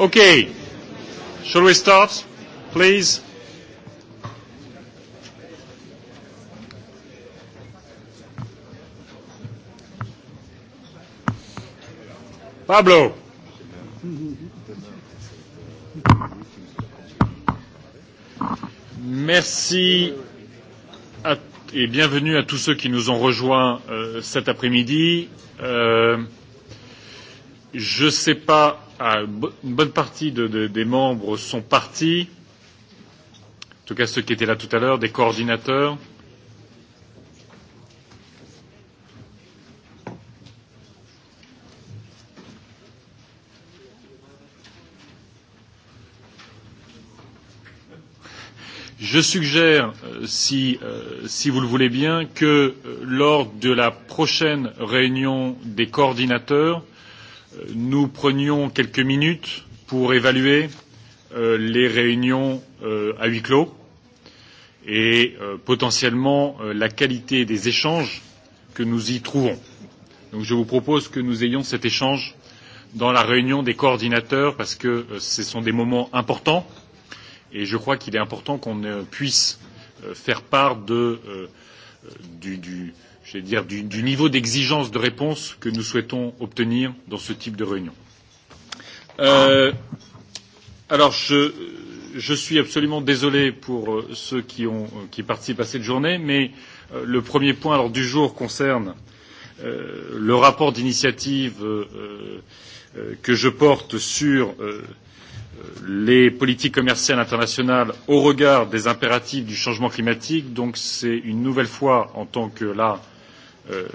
Okay. Shall we start, please? Pablo. Merci à, et bienvenue à tous ceux qui nous ont rejoints euh, cet après-midi. Euh, je ne sais pas à une bonne partie de, de, des membres sont partis, en tout cas ceux qui étaient là tout à l'heure, des coordinateurs. Je suggère, euh, si, euh, si vous le voulez bien, que euh, lors de la prochaine réunion des coordinateurs, nous prenions quelques minutes pour évaluer euh, les réunions euh, à huis clos et euh, potentiellement la qualité des échanges que nous y trouvons. Donc je vous propose que nous ayons cet échange dans la réunion des coordinateurs parce que ce sont des moments importants et je crois qu'il est important qu'on puisse faire part de, du, du, j'allais dire, du, du niveau d'exigence de réponse que nous souhaitons obtenir dans ce type de réunion. Euh, alors, je, je suis absolument désolé pour euh, ceux qui, ont, euh, qui participent à cette journée, mais euh, le premier point alors, du jour concerne euh, le rapport d'initiative euh, euh, que je porte sur euh, les politiques commerciales internationales au regard des impératifs du changement climatique. Donc c'est une nouvelle fois en tant que là euh, Euh,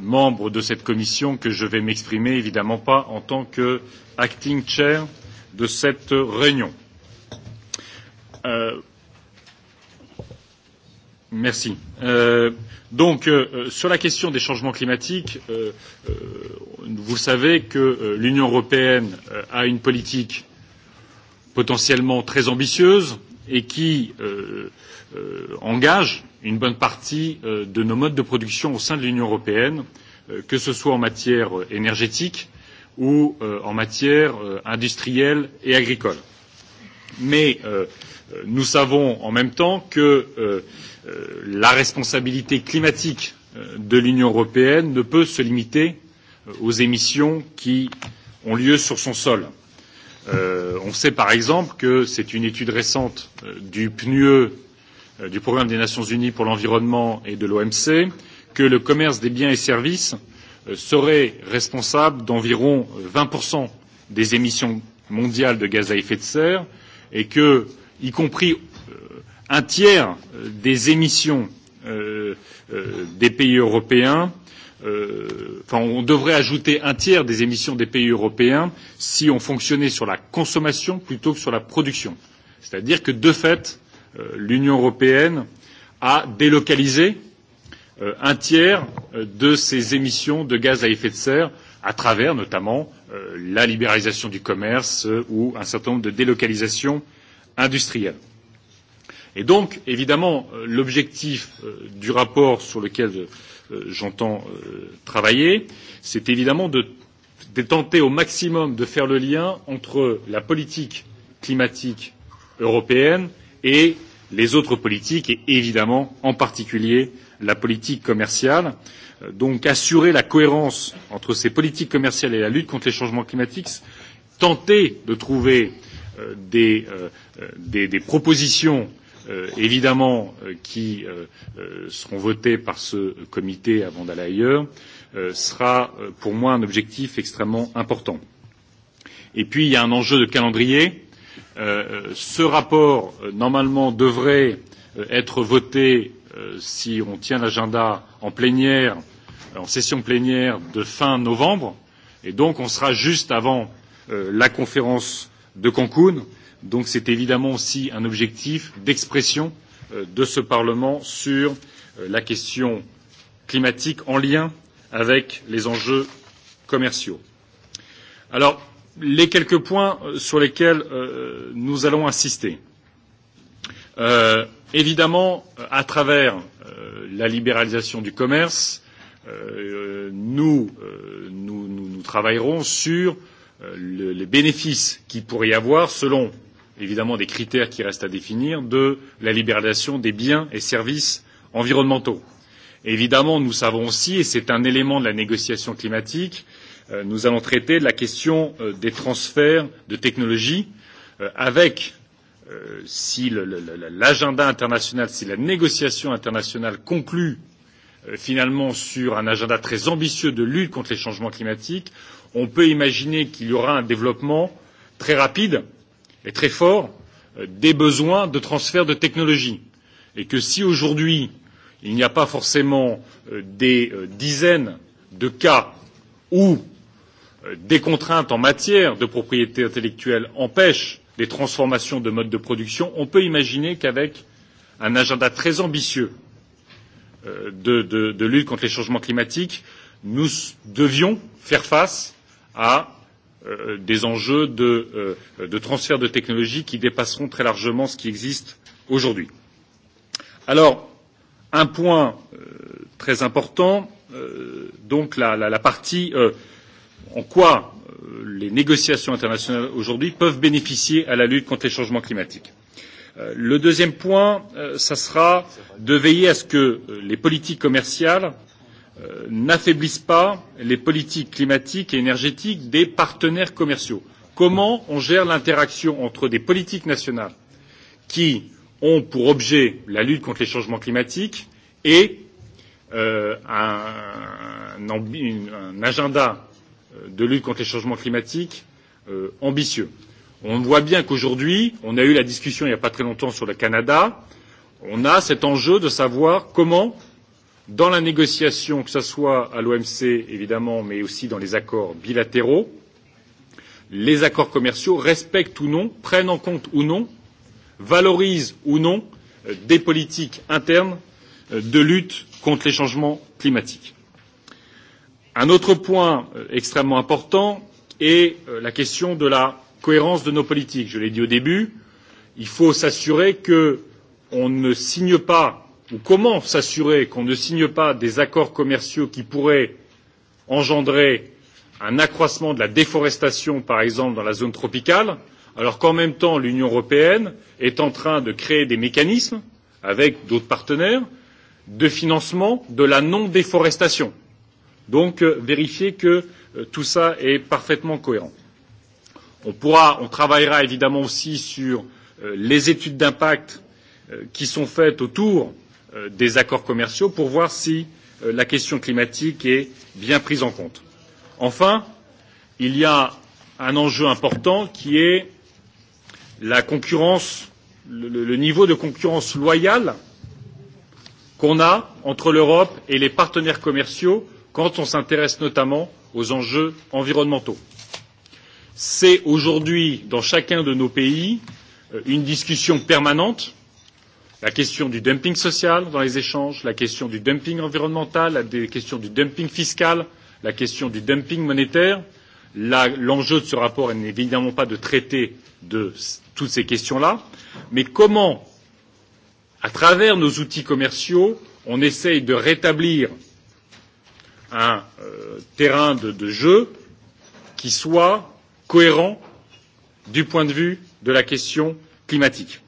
membre de cette commission que je vais m'exprimer évidemment pas en tant que acting chair de cette réunion. Euh, merci. Euh, donc, euh, sur la question des changements climatiques, euh, euh, vous le savez que euh, l'Union européenne euh, a une politique potentiellement très ambitieuse et qui euh, euh, engage une bonne partie euh, de nos modes de production au sein de l'Union européenne, euh, que ce soit en matière euh, énergétique ou euh, en matière euh, industrielle et agricole. Mais euh, euh, nous savons en même temps que euh, euh, la responsabilité climatique euh, de l'Union européenne ne peut se limiter aux émissions qui ont lieu sur son sol. Euh, Euh, on sait par exemple que c'est une étude récente euh, du PNUE, euh, du Programme des Nations Unies pour l'environnement et de l'OMC, que le commerce des biens et services euh, serait responsable d'environ 20% euh, des émissions mondiales de gaz à effet de serre et que, y compris euh, un tiers euh, des émissions euh, euh, des pays européens euh, euh, enfin, on devrait ajouter un tiers des émissions des pays européens si on fonctionnait sur la consommation plutôt que sur la production. C'est-à-dire que, de fait, euh, l'Union européenne a délocalisé euh, un tiers euh, de ses émissions de gaz à effet de serre à travers notamment euh, la libéralisation du commerce euh, ou un certain nombre de délocalisations industrielles. Et donc, évidemment, euh, l'objectif euh, du rapport sur lequel euh, Euh, j'entends euh, travailler, c'est évidemment de, de tenter au maximum de faire le lien entre la politique climatique européenne et les autres politiques et évidemment en particulier la politique commerciale. Euh, donc assurer la cohérence entre ces politiques commerciales et la lutte contre les changements climatiques, tenter de trouver euh, des, euh, des, des propositions euh, euh, évidemment euh, qui euh, euh, seront votés par ce comité avant d'aller ailleurs euh, sera euh, pour moi un objectif extrêmement important. Et puis il y a un enjeu de calendrier. Euh, euh ce rapport normalement devrait être voté euh, si on tient l'agenda en plénière, en session plénière de fin novembre, et donc on sera juste avant euh, la conférence de Cancun. Donc c'est évidemment aussi un objectif d'expression euh, de ce Parlement sur euh, la question climatique en lien avec les enjeux commerciaux. Alors, les quelques points euh, sur lesquels nous allons insister. Euh, évidemment, à travers la libéralisation du commerce, nous, nous, nous, nous travaillerons sur les bénéfices qu'il pourrait y avoir selon évidemment des critères qui restent à définir, de la libéralisation des biens et services environnementaux. Et Évidemment, nous savons aussi, et c'est un élément de la négociation climatique, euh, nous allons traiter de la question euh, des transferts de technologies euh, avec, euh, si l'agenda international, si la négociation internationale conclut euh, finalement sur un agenda très ambitieux de lutte contre les changements climatiques, on peut imaginer qu'il y aura un développement très rapide est très fort euh, des besoins de transfert de technologie et que si aujourd'hui il n'y a pas forcément euh, des euh, dizaines de cas où des contraintes en matière de propriété intellectuelle empêchent des transformations de modes de production, on peut imaginer qu'avec un agenda très ambitieux de, de, de lutte contre les changements climatiques, nous devions faire face à Euh, des enjeux de, euh, de transfert de technologies qui dépasseront très largement ce qui existe aujourd'hui. Alors, un point euh, très important, euh, donc la, la, la partie euh, en quoi euh, les négociations internationales aujourd'hui peuvent bénéficier à la lutte contre les changements climatiques. Euh, le deuxième point, euh, ça sera de veiller à ce que les politiques commerciales Euh, n'affaiblissent pas les politiques climatiques et énergétiques des partenaires commerciaux. Comment on gère l'interaction entre des politiques nationales qui ont pour objet la lutte contre les changements climatiques et euh, un, un, un agenda euh, de lutte contre les changements climatiques euh, ambitieux. On voit bien qu'aujourd'hui, on a eu la discussion il n'y a pas très longtemps sur le Canada, on a cet enjeu de savoir comment dans la négociation, que ce soit à l'OMC évidemment, mais aussi dans les accords bilatéraux, les accords commerciaux respectent ou non, prennent en compte ou non, valorisent ou non euh, des politiques internes euh, de lutte contre les changements climatiques. Un autre point euh, extrêmement important est la question de la cohérence de nos politiques. Je l'ai dit au début, il faut s'assurer qu'on ne signe pas ou comment s'assurer qu'on ne signe pas des accords commerciaux qui pourraient engendrer un accroissement de la déforestation, par exemple, dans la zone tropicale, alors qu'en même temps, l'Union européenne est en train de créer des mécanismes avec d'autres partenaires de financement de la non déforestation. Donc, euh, vérifier que euh, tout ça est parfaitement cohérent. On, pourra, on travaillera évidemment aussi sur euh, les études d'impact euh, qui sont faites autour euh, Euh, des accords commerciaux pour voir si euh, la question climatique est bien prise en compte. Enfin, il y a un enjeu important qui est la concurrence, le, le niveau de concurrence loyale qu'on a entre l'Europe et les partenaires commerciaux quand on s'intéresse notamment aux enjeux environnementaux. C'est aujourd'hui, dans chacun de nos pays, euh, une discussion permanente la question du dumping social dans les échanges, la question du dumping environnemental, la question du dumping fiscal, la question du dumping monétaire. L'enjeu de ce rapport n'est évidemment pas de traiter de toutes ces questions-là, mais comment, à travers nos outils commerciaux, on essaye de rétablir un euh, terrain de, de jeu qui soit cohérent du point de vue de la question climatique.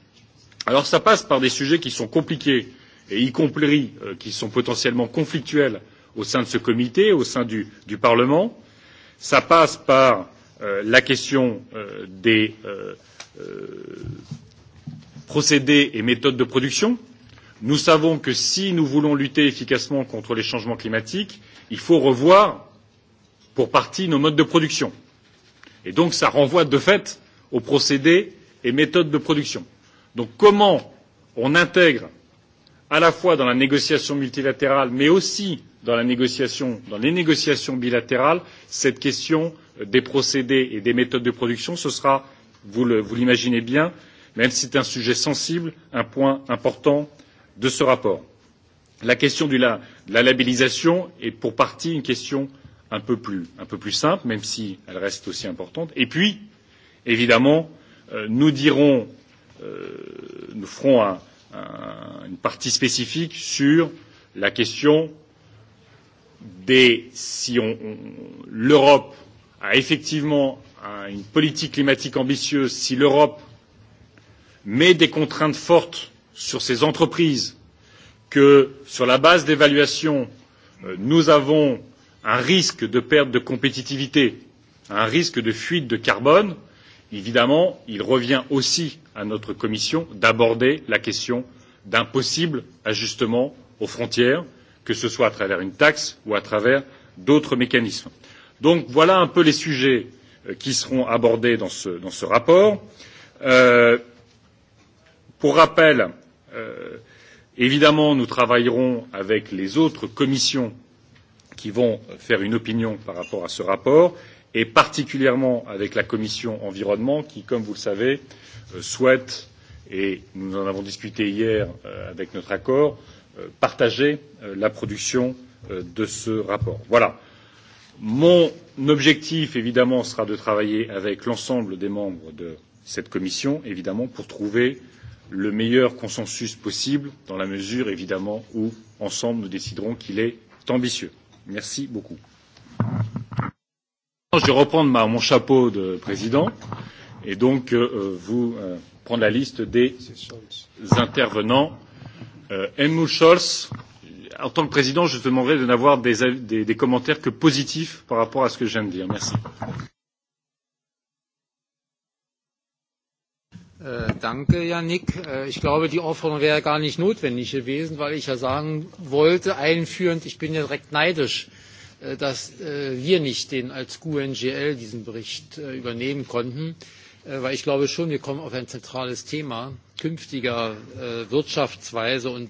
Alors ça passe par des sujets qui sont compliqués et y compris euh, qui sont potentiellement conflictuels au sein de ce comité, au sein du, du Parlement. Ça passe par euh, la question euh, des euh, euh, procédés et méthodes de production. Nous savons que si nous voulons lutter efficacement contre les changements climatiques, il faut revoir pour partie nos modes de production. Et donc ça renvoie de fait aux procédés et méthodes de production. Donc comment on intègre à la fois dans la négociation multilatérale mais aussi dans, la négociation, dans les négociations bilatérales cette question des procédés et des méthodes de production ce sera vous l'imaginez bien même si c'est un sujet sensible un point important de ce rapport. la question de la, de la labellisation est pour partie une question un peu, plus, un peu plus simple même si elle reste aussi importante et puis évidemment euh, nous dirons Euh, nous ferons un, un, une partie spécifique sur la question des si on, on, l'Europe a effectivement un, une politique climatique ambitieuse, si l'Europe met des contraintes fortes sur ses entreprises, que sur la base d'évaluation, euh, nous avons un risque de perte de compétitivité, un risque de fuite de carbone, euh, Évidemment, il revient aussi à notre Commission d'aborder la question d'un possible ajustement aux frontières, que ce soit à travers une taxe ou à travers d'autres mécanismes. Donc voilà un peu les sujets euh, qui seront abordés dans ce, dans ce rapport. Euh, pour rappel, euh, évidemment, nous travaillerons avec les autres commissions qui vont faire une opinion par rapport à ce rapport et particulièrement avec la commission environnement qui, comme vous le savez, euh, souhaite et nous en avons discuté hier euh, avec notre accord euh, partager la production de ce rapport. Voilà. Mon objectif, évidemment, sera de travailler avec l'ensemble des membres de cette commission, évidemment, pour trouver le meilleur consensus possible, dans la mesure, évidemment, où, ensemble, nous déciderons qu'il est ambitieux. Merci beaucoup. Thank you je vais reprendre ma, mon chapeau de président et donc euh, euh, vous euh, prendre la liste des intervenants. Euh, Helmut Scholz, en tant que président, je te demanderai de n'avoir des, des, des commentaires que positifs par rapport à ce que je viens de dire. Merci. Euh, danke, Yannick. Euh, ich glaube, die Aufforderung wäre gar nicht notwendig gewesen, weil ich ja sagen wollte, einführend, ich bin ja direkt neidisch, äh, Äh, dass äh, wir nicht den als gue ngl diesen bericht äh, übernehmen konnten weil ich glaube schon wir kommen auf ein zentrales thema künftiger wirtschaftsweise und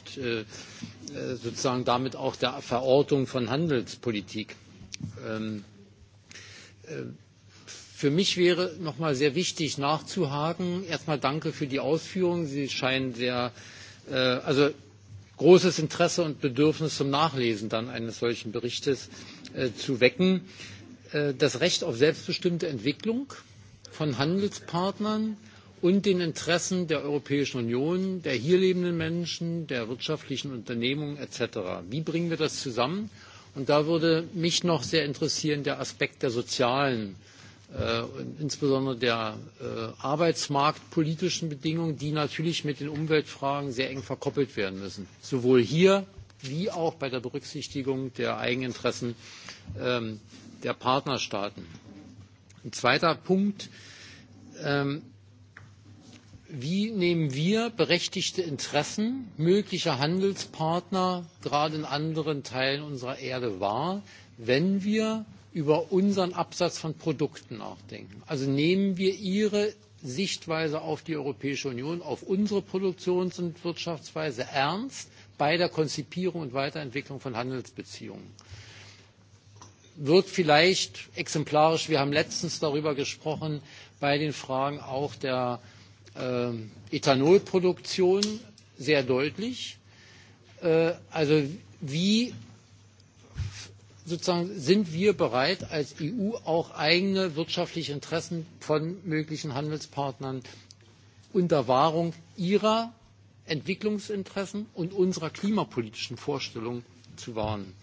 sozusagen damit auch der verortung von handelspolitik. Ähm, für mich wäre noch einmal sehr wichtig nachzuhaken erst einmal danke für die ausführungen sie scheinen sehr also großes interesse und bedürfnis zum nachlesen dann eines solchen berichtes Äh, zu wecken äh, das recht auf selbstbestimmte entwicklung von handelspartnern und den interessen der europäischen union der hier lebenden menschen der wirtschaftlichen unternehmungen etc. wie bringen wir das zusammen? und da würde mich noch sehr interessieren der aspekt der sozialen äh, und insbesondere der arbeitsmarktpolitischen bedingungen die natürlich mit den umweltfragen sehr eng verkoppelt werden müssen sowohl hier wie auch bei der Berücksichtigung der Eigeninteressen ähm, der Partnerstaaten. Ein zweiter Punkt. Ähm, wie nehmen wir berechtigte Interessen möglicher Handelspartner gerade in anderen Teilen unserer Erde wahr, wenn wir über unseren Absatz von Produkten nachdenken? Also nehmen wir ihre Sichtweise auf die Europäische Union, auf unsere Produktions- und Wirtschaftsweise ernst bei der Konzipierung und Weiterentwicklung von Handelsbeziehungen Wird vielleicht exemplarisch wir haben letztens darüber gesprochen bei den fragen auch der äh, ethanolproduktion sehr deutlich. Äh, also wie sozusagen sind wir bereit als eu auch eigene wirtschaftliche interessen von möglichen handelspartnern unter wahrung ihrer Entwicklungsinteressen und unserer klimapolitischen Vorstellungen zu wahren.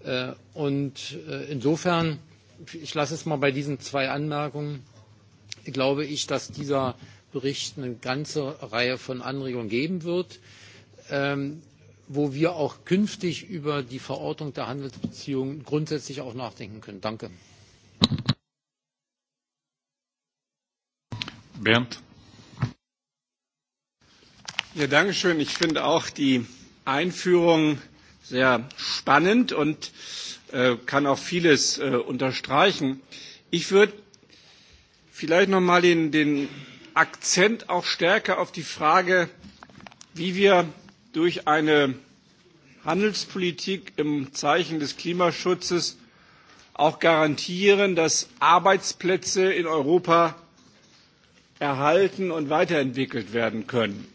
Äh, und äh, insofern, ich lasse es mal bei diesen zwei Anmerkungen, glaube ich, dass dieser Bericht eine ganze Reihe von Anregungen geben wird, ähm, wo wir auch künftig über die Verortung der Handelsbeziehungen grundsätzlich auch nachdenken können. Danke. Bernd. Ja, danke schön. Ich finde auch die Einführung sehr spannend und äh, kann auch vieles äh, unterstreichen. Ich würde vielleicht noch mal den, den Akzent auch stärker auf die Frage, wie wir durch eine Handelspolitik im Zeichen des Klimaschutzes auch garantieren, dass Arbeitsplätze in Europa erhalten und weiterentwickelt werden können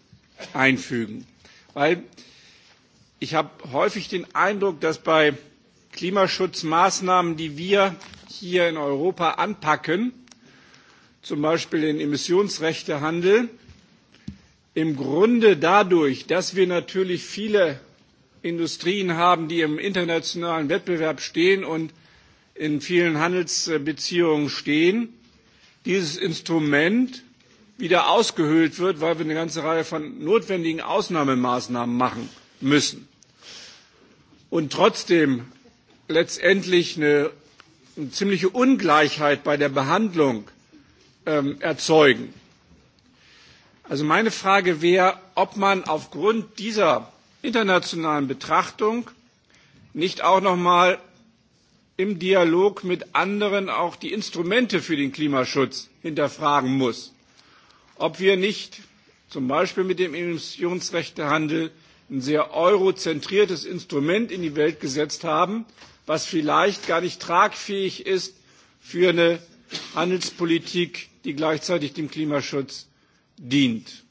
einfügen. Weil ich habe häufig den Eindruck, dass bei Klimaschutzmaßnahmen, die wir hier in Europa anpacken, zum Beispiel den Emissionsrechtehandel, im Grunde dadurch, dass wir natürlich viele Industrien haben, die im internationalen Wettbewerb stehen und in vielen Handelsbeziehungen stehen, dieses Instrument wieder ausgehöhlt wird, weil wir eine ganze Reihe von notwendigen Ausnahmemaßnahmen machen müssen und trotzdem letztendlich eine, eine ziemliche Ungleichheit bei der Behandlung ähm, erzeugen. Also meine Frage wäre, ob man aufgrund dieser internationalen Betrachtung nicht auch noch mal im Dialog mit anderen auch die Instrumente für den Klimaschutz hinterfragen muss ob wir nicht zum Beispiel mit dem Emissionsrechtehandel ein sehr eurozentriertes Instrument in die Welt gesetzt haben, was vielleicht gar nicht tragfähig ist für eine Handelspolitik, die gleichzeitig dem Klimaschutz dient.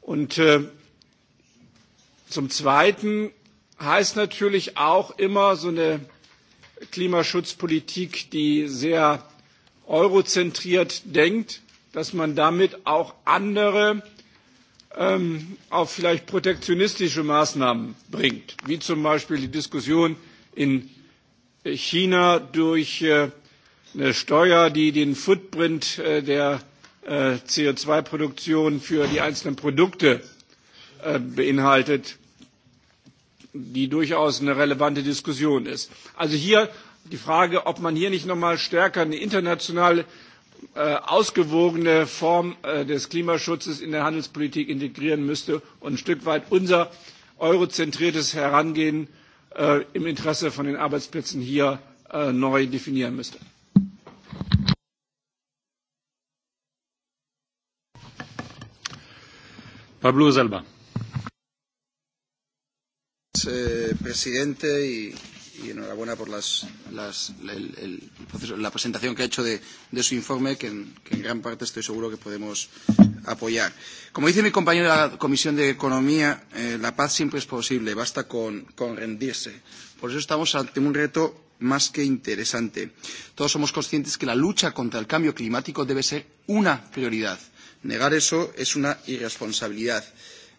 Und äh, zum Zweiten heißt natürlich auch immer so eine Klimaschutzpolitik, die sehr eurozentriert denkt, dass man damit auch andere ähm, auf vielleicht protektionistische Maßnahmen bringt, wie zum Beispiel die Diskussion in China durch äh, eine Steuer, die den Footprint äh, der äh, CO2-Produktion für die einzelnen Produkte äh, beinhaltet, die durchaus eine relevante Diskussion ist. Also hier die Frage, ob man hier nicht noch mal stärker eine internationale Äh, ausgewogene Form äh, des Klimaschutzes in der Handelspolitik integrieren müsste und ein Stück weit unser eurozentriertes Herangehen äh, im Interesse von den Arbeitsplätzen hier neu definieren müsste. Pablo Zalba. presidente y y enhorabuena por las, las, el, el proceso, la presentación que ha hecho de, de su informe, que en, que en gran parte estoy seguro que podemos apoyar. Como dice mi compañero de la Comisión de Economía, eh, la paz siempre es posible, basta con, con rendirse. Por eso estamos ante un reto más que interesante. Todos somos conscientes que la lucha contra el cambio climático debe ser una prioridad. Negar eso es una irresponsabilidad.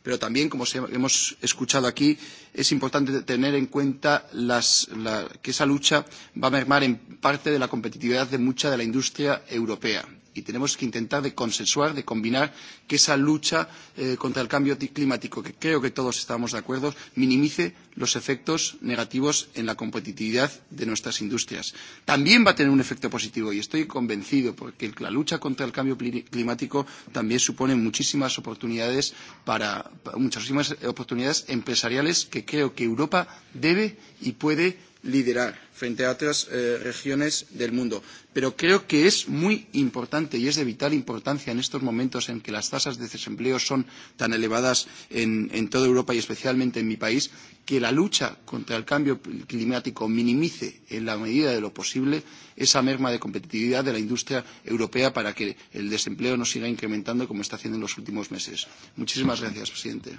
Pero también, como hemos escuchado aquí, es importante tener en cuenta las, la, que esa lucha va a mermar en parte de la competitividad de mucha de la industria europea y tenemos que intentar de consensuar, de combinar que esa lucha eh, contra el cambio climático, que creo que todos estamos de acuerdo, minimice los efectos negativos en la competitividad de nuestras industrias. También va a tener un efecto positivo y estoy convencido porque la lucha contra el cambio climático también supone muchísimas oportunidades para, muchísimas oportunidades empresariales que creo que Europa debe y puede liderar frente a otras eh, regiones del mundo. Pero creo que es muy importante y es de vital importancia en estos momentos en que las tasas de desempleo son tan elevadas en, en toda Europa y especialmente en mi país, que la lucha contra el cambio climático minimice en la medida de lo posible esa merma de competitividad de la industria europea para que el desempleo no siga incrementando como está haciendo en los últimos meses. Muchísimas gracias, presidente.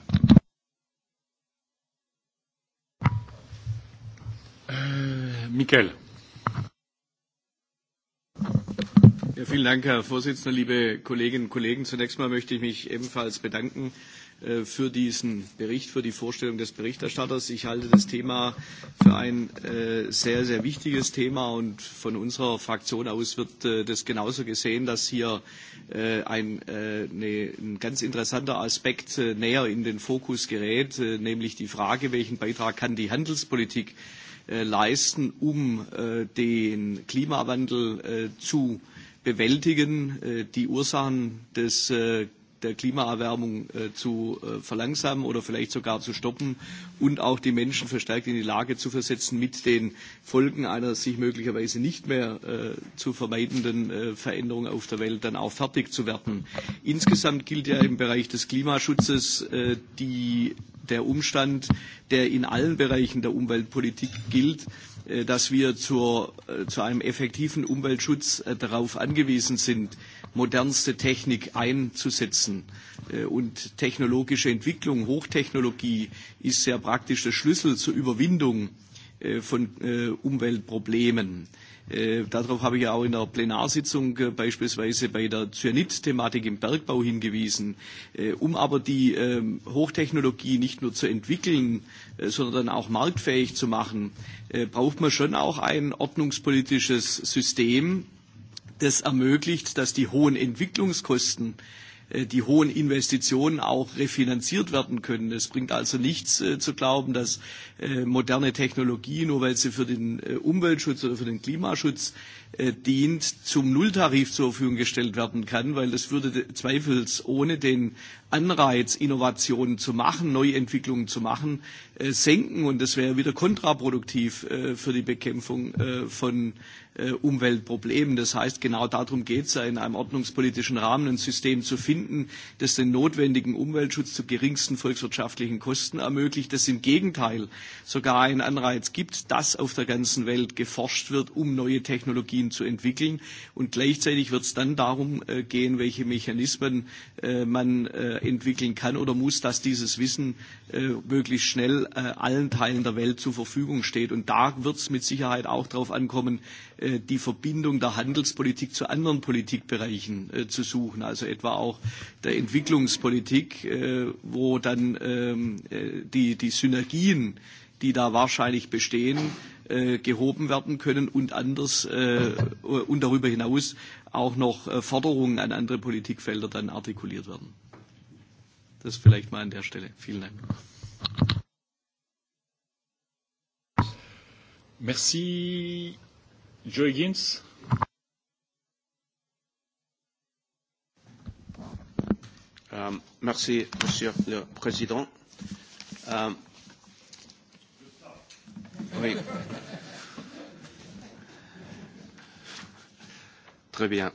Michael. Ja, vielen Dank, Herr Vorsitzender, liebe Kolleginnen und Kollegen. Zunächst mal möchte ich mich ebenfalls bedanken äh, für diesen Bericht, für die Vorstellung des Berichterstatters. Ich halte das Thema für ein äh, sehr, sehr wichtiges Thema und von unserer Fraktion aus wird äh, das genauso gesehen, dass hier äh, ein, äh, ne, ein ganz interessanter Aspekt äh, näher in den Fokus gerät, nämlich die Frage, welchen Beitrag kann die Handelspolitik Äh, leisten, um äh, den Klimawandel äh, zu bewältigen. Die Ursachen des der Klimaerwärmung äh, zu äh, verlangsamen oder vielleicht sogar zu stoppen und auch die Menschen verstärkt in die Lage zu versetzen, mit den Folgen einer sich möglicherweise nicht mehr äh, zu vermeidenden Veränderung auf der Welt dann auch fertig zu werden. Insgesamt gilt ja im Bereich des Klimaschutzes die, der Umstand, der in allen Bereichen der Umweltpolitik gilt, Äh, dass wir zur, äh, zu einem effektiven Umweltschutz äh, darauf angewiesen sind, modernste Technik einzusetzen. Und technologische Entwicklung, Hochtechnologie ist sehr praktisch der Schlüssel zur Überwindung von Umweltproblemen. Äh, darauf habe ich ja auch in der Plenarsitzung äh, beispielsweise bei der Zyanit-Thematik im Bergbau hingewiesen. Äh, um aber die äh, Hochtechnologie nicht nur zu entwickeln, äh, sondern auch marktfähig zu machen, äh, braucht man schon auch ein ordnungspolitisches System, das ermöglicht, dass die hohen Entwicklungskosten äh, Äh, die hohen Investitionen auch refinanziert werden können. Es bringt also nichts äh, zu glauben, dass äh, moderne Technologie, nur weil sie für den Umweltschutz oder für den Klimaschutz dient, zum Nulltarif zur Verfügung gestellt werden kann, weil das würde zweifelsohne den Anreiz, Innovationen zu machen, Neuentwicklungen zu machen, senken. Und das wäre wieder kontraproduktiv für die Bekämpfung von Umweltproblemen. Das heißt, genau darum geht es ja, in einem ordnungspolitischen Rahmen ein System zu finden, finden, das den notwendigen Umweltschutz zu geringsten volkswirtschaftlichen Kosten ermöglicht, das im Gegenteil sogar einen Anreiz gibt, dass auf der ganzen Welt geforscht wird, um neue Technologien zu entwickeln. Und gleichzeitig wird es dann darum äh, gehen, welche Mechanismen äh, man äh, entwickeln kann oder muss, dass dieses Wissen möglichst schnell allen Teilen der Welt zur Verfügung steht. Und da wird es mit Sicherheit auch darauf ankommen, die Verbindung der Handelspolitik zu anderen Politikbereichen zu suchen, also etwa auch der Entwicklungspolitik, äh, wo dann ähm, äh, die, die Synergien, die da wahrscheinlich bestehen, äh, gehoben werden können und anders äh, und darüber hinaus auch noch äh, Forderungen an andere Politikfelder dann artikuliert werden. Das vielleicht mal an der Stelle. Vielen Dank. Merci. Joe Higgins. Euh, merci, Monsieur le Président. Euh, oui. Très bien.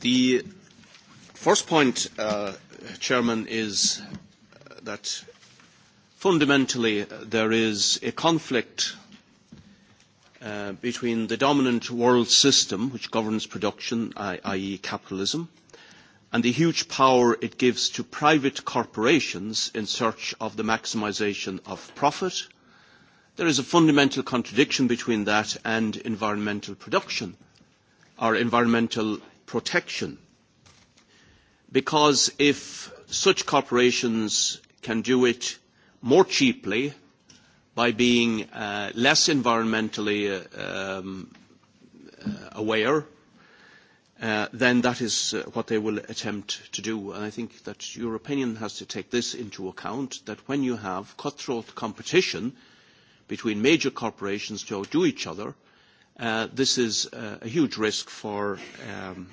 The first point, uh, Chairman, is that fundamentally there is a conflict Uh, between the dominant world system which governs production, i.e. capitalism, and the huge power it gives to private corporations in search of the maximisation of profit, there is a fundamental contradiction between that and environmental production or environmental protection. Because if such corporations can do it more cheaply by being uh, less environmentally uh, um, uh, aware, uh, then that is uh, what they will attempt to do. And I think that your opinion has to take this into account, that when you have cutthroat competition between major corporations to outdo each other, uh, this is a huge risk for, um,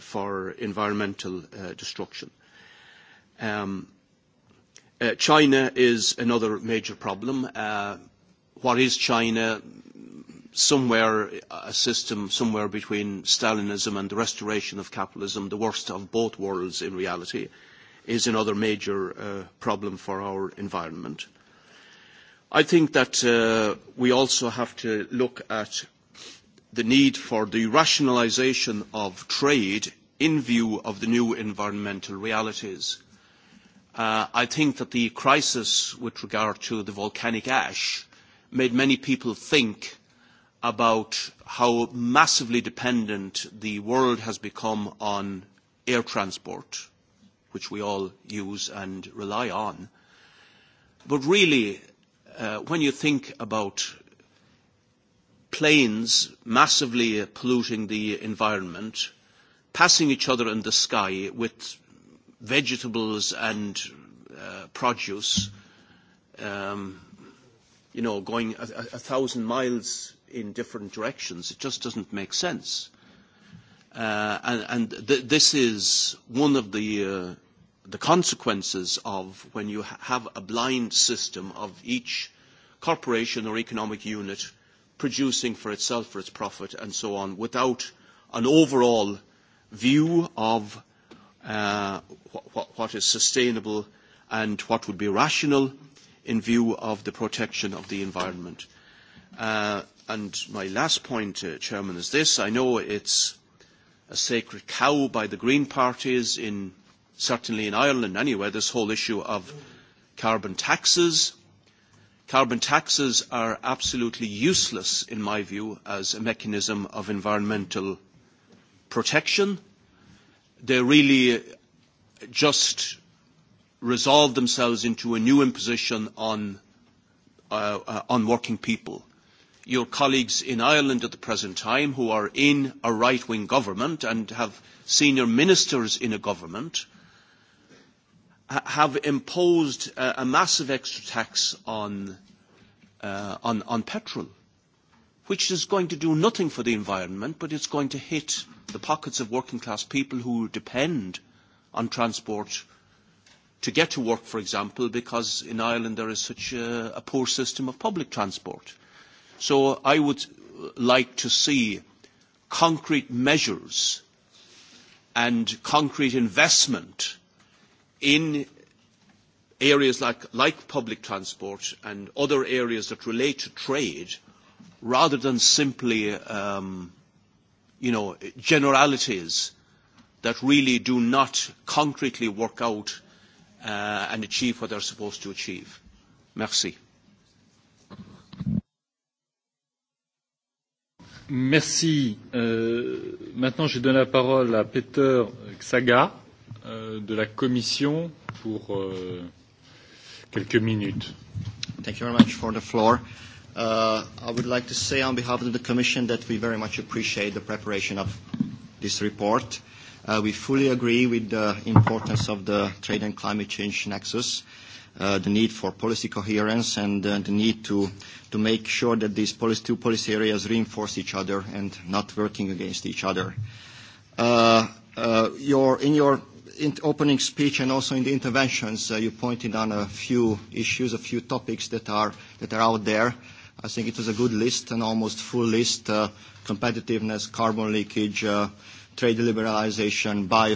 for environmental destruction. Um, Uh, China is another major problem. Uh, what is China? Somewhere a system somewhere between Stalinism and the restoration of capitalism, the worst of both worlds in reality, is another major uh, problem for our environment. I think that uh, we also have to look at the need for the rationalisation of trade in view of the new environmental realities. Uh, I think that the crisis with regard to the volcanic ash made many people think about how massively dependent the world has become on air transport, which we all use and rely on. But really, uh, when you think about planes massively polluting the environment, passing each other in the sky with vegetables and uh, produce, um, you know, going a, a, a thousand miles in different directions. It just doesn't make sense. Uh, and and th this is one of the, uh, the consequences of when you ha have a blind system of each corporation or economic unit producing for itself, for its profit, and so on, without an overall view of uh, wh what is sustainable and what would be rational in view of the protection of the environment. Uh, and my last point, uh, Chairman, is this. I know it's a sacred cow by the Green parties, in, certainly in Ireland anyway, this whole issue of carbon taxes. Carbon taxes are absolutely useless, in my view, as a mechanism of environmental protection. Uh, they really just resolve themselves into a new imposition on, uh, uh, on working people. Your colleagues in Ireland at the present time who are in a right-wing government and have senior ministers in a government have imposed a, a massive extra tax on, uh, on, on petrol, which is going to do nothing for the environment, but it's going to hit the pockets of working class people who depend on transport to get to work, for example, because in Ireland there is such a, a poor system of public transport. So I would like to see concrete measures and concrete investment in areas like, like public transport and other areas that relate to trade rather than simply um, you know, generalities that really do not concretely work out uh, and achieve what they're supposed to achieve. Merci. Merci. Euh, maintenant, je donne la parole à Peter Xaga euh, de la Commission pour euh, quelques minutes. Thank you very much for the floor. Uh, Uh, I would like to say on behalf of the Commission that we very much appreciate the preparation of this report. Uh, we fully agree with the importance of the trade and climate change nexus, uh, the need for policy coherence, and uh, the need to, to make sure that these policy, two policy areas reinforce each other and not working against each other. Uh, uh, your, in your in opening speech and also in the interventions, uh, you pointed on a few issues, a few topics that are, that are out there I think it was a good list, an almost full list, uh, competitiveness, carbon leakage, uh, trade liberalization, bio